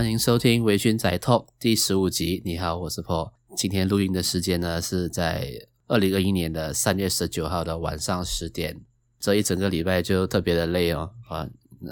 歡迎收聽《微醺宅 Talk》第十五集。你好，我是 Paul。今天錄音的時間呢是在二零二一年的三月十九號的晚上十點。這一整個禮拜就特別的累哦，啊，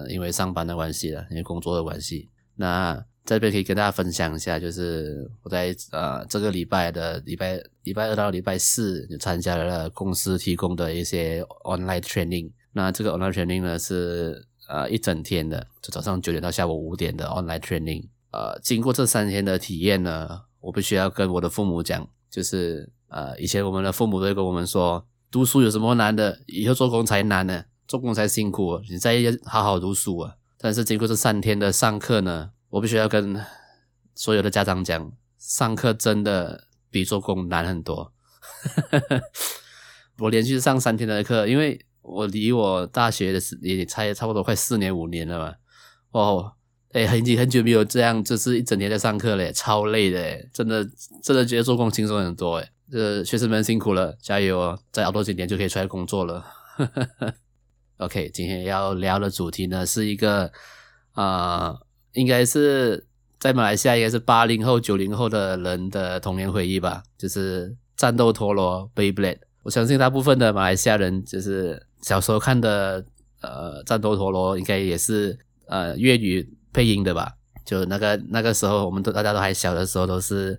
因為上班的關係了，因為工作的關係。那這邊可以跟大家分享一下，就是我在呃這個禮拜的禮拜禮拜二到禮拜四，就參加了公司提供的一些 online training。那這個 online training 呢是。呃，一整天的，就早上九點到下午五點的 online training。呃，經過這三天的體驗呢，我必須要跟我的父母講，就是呃，以前我們的父母都會跟我們說，讀書有什麼難的？以後做工才難呢，啊，做工才辛苦，啊，你再好好讀書啊。但是經過這三天的上課呢，我必須要跟所有的家長講，上課真的比做工難很多。 我連續上三天的課，因為。我離我大學的時也差也差不多快四年五年了嘛。哦，哎、欸，很，久很久沒有這樣，就是一整天在上課嘞，超累的。真的真的覺得做工輕鬆很多誒，就這、是、學生們辛苦了，加油哦，再熬多幾年就可以出來工作了。 OK，今天要聊的主題呢是一個啊、呃，應該是在馬來西亞應該是八零後九零後的人的童年回憶吧，就是戰鬥陀螺 BeyBlade，我相信大部分的馬來西亞人就是。小時候看的，呃，戰鬥陀螺應該也是呃粵語配音的吧？就那個那個時候，我們都大家都還小的時候，都是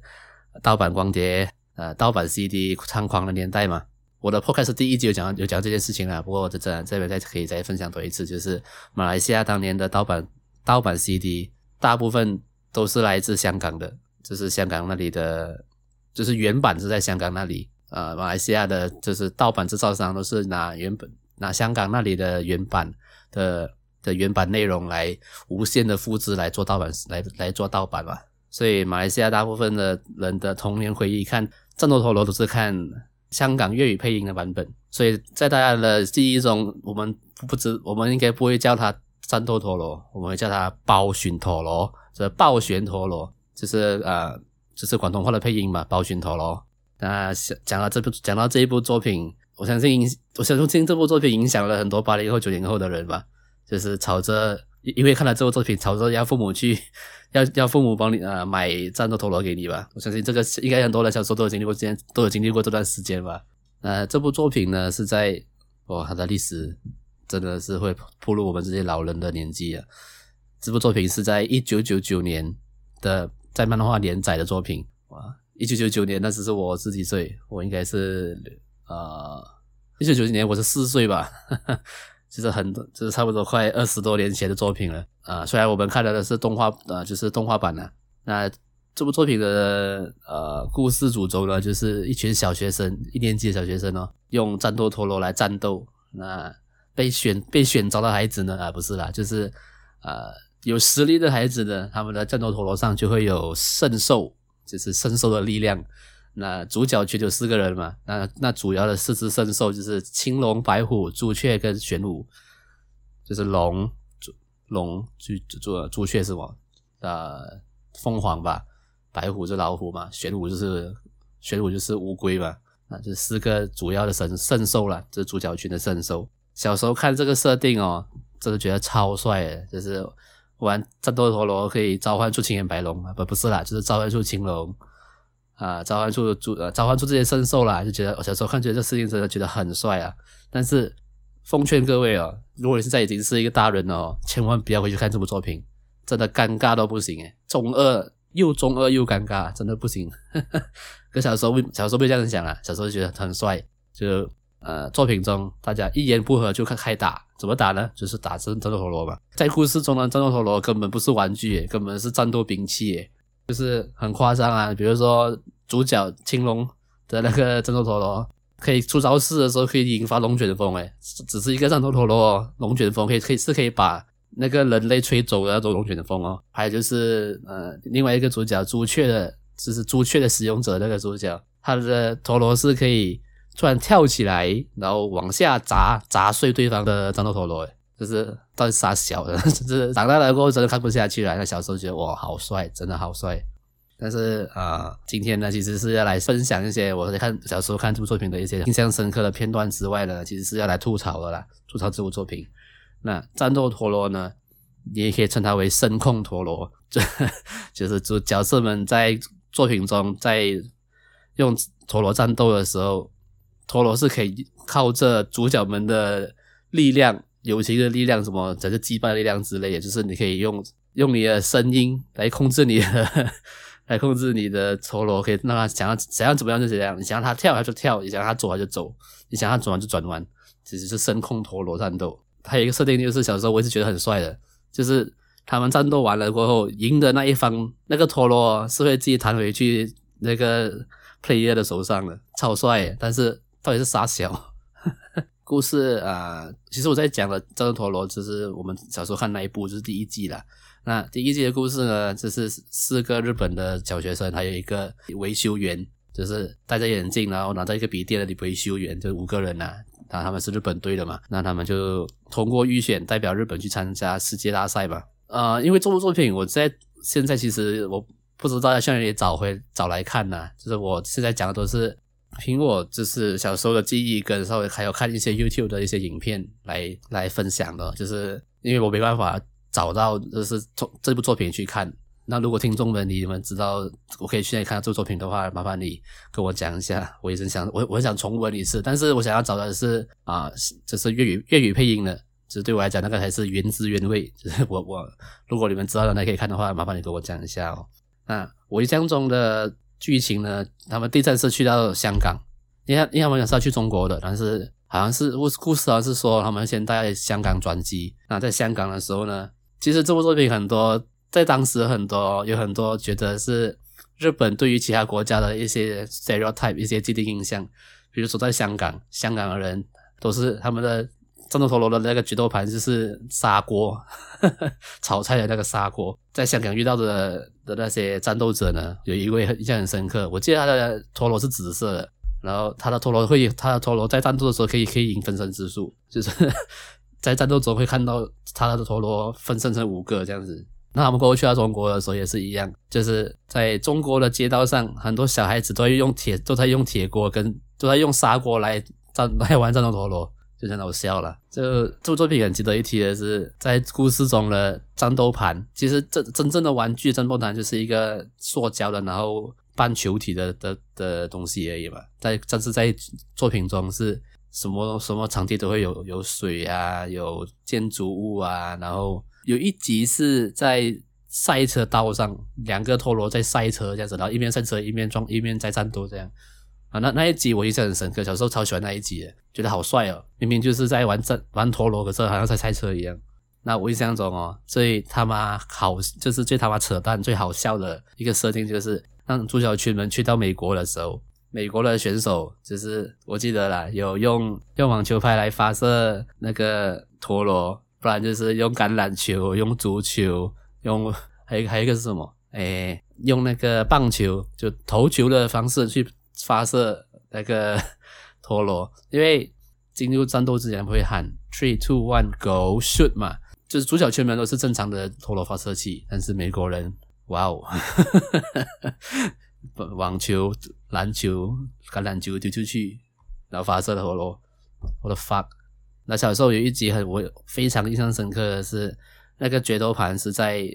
盜版光碟，呃，盜版 CD 猖狂的年代嘛。我的 Podcast 第一集有講有講這件事情啊。不過我這樣這這邊再可以再分享多一次，就是馬來西亞當年的盜版盜版 CD 大部分都是來自香港的，就是香港那裡的，就是原版是在香港那裡，呃，馬來西亞的就是盜版制造商都是拿原本。拿香港那裡的原版的的原版內容來無限的複製來做盜版，來來做盜版嘛。所以馬來西亞大部分的人的童年回憶，看《戰鬥陀螺》都是看香港粵語配音的版本。所以在大家的記憶中，我們不知，我們應該不會叫它《戰鬥陀螺》，我們會叫它《爆旋陀螺》，這“爆旋陀螺”就是啊，就是廣東話的配音嘛，《爆旋陀螺》那。那講到這部，講到這一部作品。我相信我相信這部作品影響了很多八零後、九零後的人吧，就是吵着，因為看了這部作品，吵着要父母去，要要父母幫你啊、呃、買戰鬥陀螺給你吧。我相信這個應該很多人小時候都有經歷過，時間都有經歷過這段時間吧。啊、呃，這部作品呢是在，哇，它的歷史真的是會暴露我們這些老人的年紀了、啊。這部作品是在一九九九年的在漫畫連載的作品，哇，一九九九年那只是我十幾歲，我應該是。呃，一九九九年我是四歲吧， 就是很多就是差不多快二十多年前的作品了。啊、uh,，雖然我們看到的是動畫，呃、uh,，就是動畫版的、啊。那這部作品的呃、uh, 故事主軸呢，就是一群小學生，一年級的小學生哦，用戰鬥陀螺來戰鬥。那被選被選召的孩子呢？啊、uh,，不是啦，就是呃、uh, 有實力的孩子呢，他們的戰鬥陀螺上就會有聖獸，就是聖獸的力量。那主角群就四個人嘛，那那主要的四隻聖獸就是青龍、白虎、朱雀跟玄武，就是龍、龍就做朱雀是什麼啊，呃，鳳凰吧，白虎是老虎嘛，玄武就是玄武就是烏龜嘛，啊，這四個主要的神聖獸了，這、就是、主角群的聖獸。小時候看這個設定哦，真的覺得超帥的，就是玩戰鬥陀螺可以召喚出青眼白龍啊，不不是啦，就是召喚出青龍。啊，召喚出主呃、啊，召喚出這些神獸啦，就覺得我小時候看覺得這事情真的覺得很帥啊。但是奉勸各位哦，如果你現在已經是一個大人了哦，千萬不要回去看這部作品，真的尷尬到不行誒，中二又中二又尷尬，真的不行。呵呵，可小時候，小時候被這樣子講啊，小時候就覺得很帥，就呃，作品中大家一言不合就開，開打，怎麼打呢？就是打真戰鬥陀螺嘛。在故事中呢，戰鬥陀螺根本不是玩具誒，根本是戰鬥兵器誒，就是很誇張啊，比如說。主角青龍的那個戰鬥陀螺，可以出招式的時候可以引發龍捲風，誒,只是一個戰鬥陀螺，龍捲風可以可以是可以把那個人類吹走的那種龍捲風哦、喔。還有就是呃，另外一個主角朱雀的，就是朱雀的使用者那個主角，他的陀螺是可以突然跳起來，然後往下砸，砸碎對方的戰鬥陀螺。欸，就是到底啥小的，就是長大了過後真的看不下去了，那小時候覺得哇好帥，真的好帥。但是啊、呃，今天呢，其實是要來分享一些我在看小時候看這部作品的一些印象深刻的片段之外呢，其實是要來吐槽的啦，吐槽這部作品。那戰鬥陀螺呢，你也可以稱它為聲控陀螺，就就是主角色們在作品中在用陀螺戰鬥的時候，陀螺是可以靠着主角們的力量、友情的力量、什麼整個羈絆力量之類的，也就是你可以用用你的聲音來控制你的。呵呵來控制你的陀螺，可以讓他想要想要怎麼樣就怎麼樣，你想讓他跳他就跳，你想他走他就走，你想他轉彎就轉彎，其實是聲控陀螺戰鬥。還有一個設定就是小時候我一直覺得很帥的，就是他們戰鬥完了過後，贏的那一方那個陀螺是會自己彈回去那個 player 的手上的，超帥。但是到底是傻小 故事啊，其實我在講的，戰鬥陀螺就是我們小時候看那一部就是第一季啦。那第一季的故事呢，就是四個日本的小學生，還有一個維修員，就是戴着眼鏡，然後拿着一個筆電的維修員，就五個人吶、啊。那、啊、他們是日本隊的嘛，那他們就通過預選代表日本去參加世界大賽嘛。呃，因為這部作品，我在現在其實我不知道現在哪裡找回找來看吶、啊，就是我現在講的都是憑我就是小時候的記憶跟稍微還有看一些 YouTube 的一些影片來來分享的，就是因為我沒辦法。找到就是從這部作品去看。那如果聽眾們，你們知道我可以去哪裡看這部作品的話，麻煩你跟我講一下，我也是想我我想重溫一次。但是我想要找的是啊，就是粵語粵語配音的，就是對我來講那個才是原汁原味。就是我我如果你們知道的那可以看的話，麻煩你給我講一下哦。那我印象中的劇情呢，他們第一次去到香港，因為因為他們也是要去中國的，但是好像是故故事好像是說他們先在香港轉機，那在香港的時候呢，其實這部作品很多，在當時很多有很多覺得是日本對於其他國家的一些 stereotype 一些既定印象，比如說在香港，香港的人都是他們的戰鬥陀螺的那個決鬥盤就是砂鍋， 炒菜的那個砂鍋。在香港遇到的的那些戰鬥者呢，有一位印象很深刻，我記得他的陀螺是紫色的，然後他的陀螺會，他的陀螺在戰鬥的時候可以可以引分身之術，就是。 在戰鬥中會看到他的陀螺分身成五個這樣子，那他們過去到中國的時候也是一樣，就是在中國的街道上，很多小孩子都在用鐵，都在用鐵鍋跟都在用砂鍋來戰來玩戰鬥陀螺，就真的我笑了。就這這部作品很值得一提的是，在故事中的戰鬥盤，其實真真正的玩具戰鬥盤就是一個塑膠的，然後半球體的的的東西而已嘛，在但是在作品中是。什麼什麼場地都會有有水啊，有建築物啊，然後有一集是在賽車道上，兩個陀螺在賽車這樣子，然後一邊賽車一邊撞，一邊在戰鬥這樣啊，那那一集我印象很深刻，小時候超喜歡那一集的，覺得好帥哦，明明就是在玩戰玩陀螺，可是好像在賽車一樣。那我印象中哦，最他媽好就是最他媽扯淡最好笑的一個設定就是當主角群們去到美國的時候。美國的選手就是我記得啦，有用用網球拍來發射那個陀螺，不然就是用橄欖球、用足球、用還有還有一個是什麼？哎、欸，用那個棒球就投球的方式去發射那個陀螺。因為進入戰鬥之前會喊 three two one go shoot 嘛，就是主角群們都是正常的陀螺發射器，但是美國人，哇、wow、哦！ 網球、籃球、橄欖球丟出去，然後發射了陀螺。What the fuck！那小時候有一集很，我非常印象深刻的是，那個決鬥盤是在，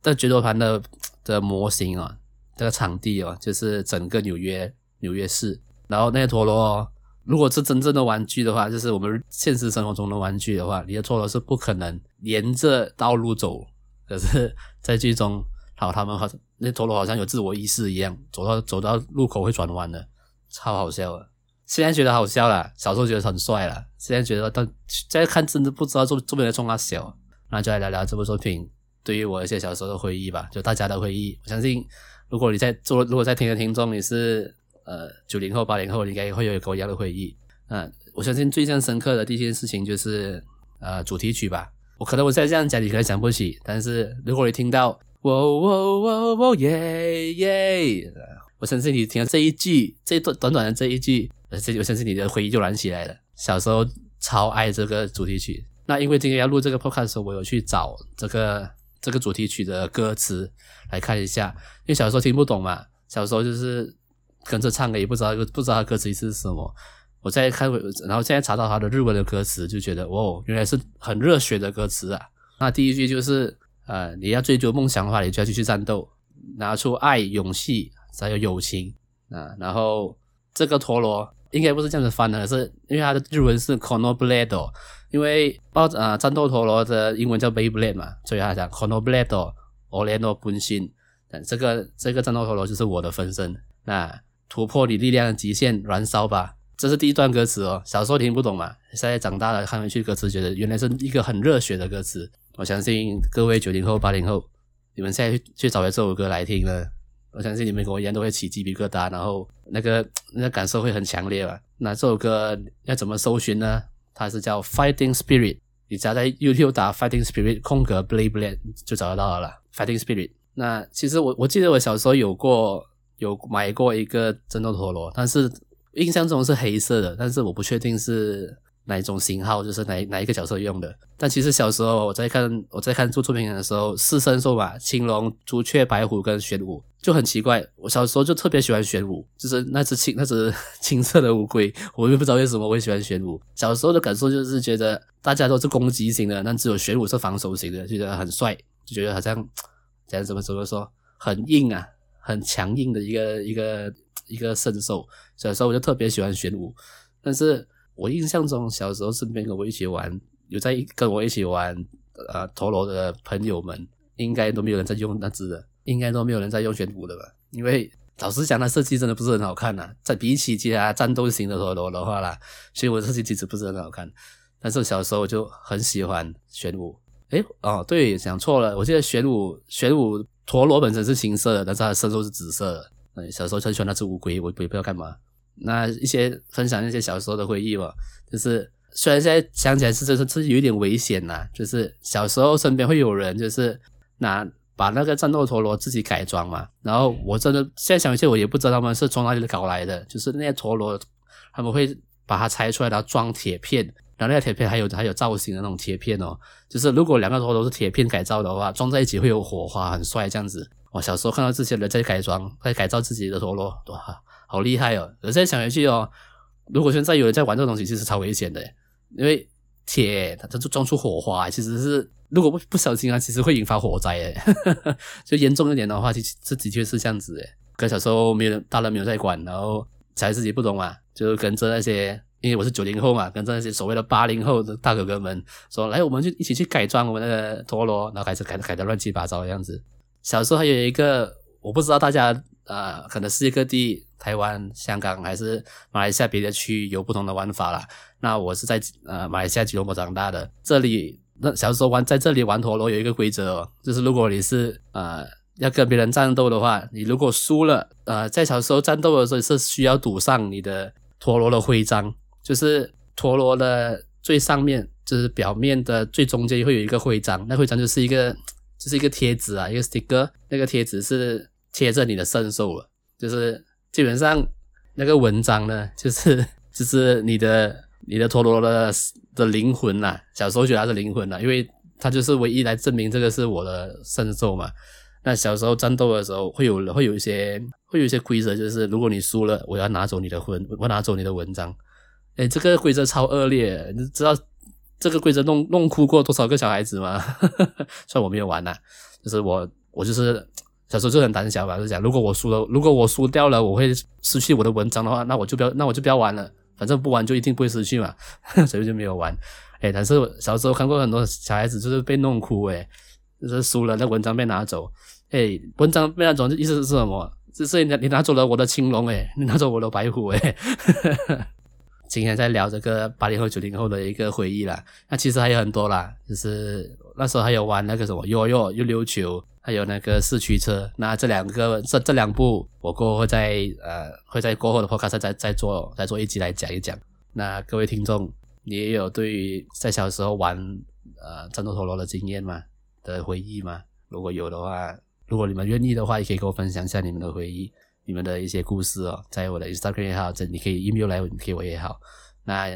在決鬥盤的的模型啊、哦，這、那個場地哦，就是整個紐約，紐約市。然後那個陀螺、哦，如果是真正的玩具的話，就是我們現實生活中的玩具的話，你的陀螺是不可能沿着道路走。可是，在劇中，好，他們發生。那陀螺好像有自我意識一樣，走到走到路口會轉彎的，超好笑啊！現在覺得好笑了，小時候覺得很帥了，現在覺得到，但在看真的不知道做邊的重阿、啊、小，那就來聊聊這部作品對於我一些小時候的回憶吧，就大家的回憶。我相信，如果你在做，如果在聽的聽眾你是呃九零後八零後，後你應該也會有跟我一樣的回憶。嗯、呃，我相信最印象深刻的第一件事情就是呃主題曲吧，我可能我現在這樣講你可能想不起，但是如果你聽到。喔喔喔喔耶耶！我相信你聽了這一句，這短短的這一句，這我相信你的回憶就燃起來了，小時候超愛這個主題曲。那因為今天要錄這個 Podcast 的時候，我有去找這個這個主題曲的歌詞來看一下，因為小時候聽不懂嘛，小時候就是跟着唱歌，也不知道不知道歌詞是什麼。我再看，然後現在查到他的日文的歌詞，就覺得哦，原來是很熱血的歌詞啊。那第一句就是。呃，你要追逐夢想的話，你就要繼續戰鬥，拿出愛、勇氣，才有友情啊、呃。然後這個陀螺應該不是這樣子翻的，是因為它的日文是 Conobledo，因為包呃戰鬥陀螺的英文叫 Beyblade 嘛，所以它講 Conobledo，ole no buchin、呃。那這個這個戰鬥陀螺就是我的分身。那、呃、突破你力量的極限，燃燒吧！這是第一段歌詞哦，小時候聽不懂嘛，現在長大了看回去歌詞，覺得原來是一個很熱血的歌詞。我相信各位九零後、八零後，你們現在去去找這首歌來聽呢，我相信你們跟我一樣都會起雞皮疙瘩，然後那個那個感受會很強烈吧？那這首歌要怎麼搜尋呢？它是叫 Fighting Spirit，你只要在 YouTube 打 Fighting Spirit 空格 Beyblade 就找得到了啦 Fighting Spirit。那其實我我記得我小時候有過有買過一個戰鬥陀、陀螺，但是印象中是黑色的，但是我不確定是。哪一種型號就是哪哪一個角色用的？但其實小時候我在看我在看做作品的時候，四聖獸嘛，青龍、朱雀、白虎跟玄武就很奇怪。我小時候就特別喜歡玄武，就是那隻青那隻青色的烏龜。我也不知道為什麼我會喜歡玄武。小時候的感受就是覺得大家都是攻擊型的，但只有玄武是防守型的，就覺得很帥，就覺得好像講怎麼怎麼說很硬啊，很強硬的一個一個一個聖獸。小時候我就特別喜歡玄武，但是。我印象中，小時候身邊跟我一起玩，有在跟我一起玩呃陀螺的朋友們，應該都沒有人在用那只的，應該都沒有人在用玄武的吧？因為老實講，那設計真的不是很好看吶、啊。在比起其他、啊、戰鬥型的陀螺的話啦，所以我設計其實不是很好看。但是小時候我就很喜歡玄武。哎哦，對，講錯了。我記得玄武，玄武陀螺本身是青色的，但是它的身手是紫色的。嗯，小時候就喜歡那只烏龜，我也不知道幹嘛。那一些分享那些小時候的回憶嘛，就是雖然現在想起來是是自己有一點危險吶、啊，就是小時候身邊會有人就是拿把那個戰鬥陀螺自己改裝嘛，然後我真的現在想一想，我也不知道他們是從哪裡搞來的，就是那些陀螺他們會把它拆出來，然後裝鐵片，然後那個鐵片還有還有造型的那種鐵片哦，就是如果兩個陀螺都是鐵片改造的話，裝在一起會有火花，很帥這樣子。我小時候看到這些人在改裝，在改造自己的陀螺，多好。好厲害哦！而且想回去哦，如果現在有人在玩這個東西，其實超危險的，因為鐵它就撞出火花，其實是如果不不小心啊，其實會引發火災的。 就嚴重一點的話，其實這的確是這樣子哎。可小時候沒有人，大人沒有在管，然後才自己不懂嘛，就跟着那些，因為我是九零後嘛，跟着那些所謂的八零後的大哥哥們說，來，我們就一起去改裝我們的陀螺，然後改成改改的亂七八糟的樣子。小時候還有一個，我不知道大家。呃，可能世界各地、台灣、香港還是馬來西亞別的區域有不同的玩法啦。那我是在呃馬來西亞吉隆坡長大的，這裡那小時候玩在這裡玩陀螺有一個規則哦，就是如果你是呃要跟別人戰鬥的話，你如果輸了，呃在小時候戰鬥的時候是需要賭上你的陀螺的徽章，就是陀螺的最上面，就是表面的最中間會有一個徽章，那徽章就是一個就是一個貼紙啊，一個 sticker，那個貼紙是。切着你的聖獸了，就是基本上那個文章呢，就是就是你的你的陀螺的的靈魂啦、啊、小時候覺得他是靈魂啦、啊、因為它就是唯一來證明這個是我的聖獸嘛。那小時候戰鬥的時候會有，會有會有一些會有一些規則，就是如果你輸了，我要拿走你的魂，我要拿走你的文章。誒，這個規則超惡劣，你知道這個規則弄弄哭過多少個小孩子嗎？ 算我沒有玩啦、啊、就是我我就是。小時候就很膽小嘛，吧就講，如果我輸了，如果我輸掉了，我會失去我的文章的話，那我就不要，那我就不要玩了。反正不玩就一定不會失去嘛，呵呵，所以就沒有玩。哎、欸，但是小時候看過很多小孩子就是被弄哭、欸，哎，就是輸了，那文章被拿走，哎、欸，文章被拿走的意思是什麼？就是你拿，你拿走了我的青龍，哎，你拿走了我的白虎、欸，哎。今天在聊這個八零後九零後的一個回憶啦。那其實還有很多啦，就是那時候還有玩那個什麼悠悠悠溜球。還有那個四驅車，那這兩個這這兩部，我過後會在呃會在過後的 Podcast 再再做再做一集來講一講。那各位聽眾，你也有對於在小時候玩呃戰鬥陀螺的經驗嗎？的回憶嗎？如果有的話，如果你們願意的話，也可以跟我分享一下你們的回憶，你們的一些故事哦，在我的 Instagram 也好，這你可以 Email 來給我也好。那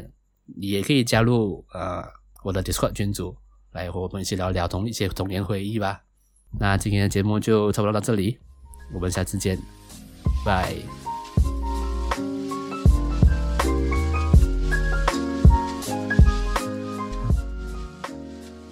你也可以加入呃我的 Discord 群組，來和我們一起聊聊同一些童年回憶吧。那今天的節目就差不多到這裡，我們下次見，拜拜。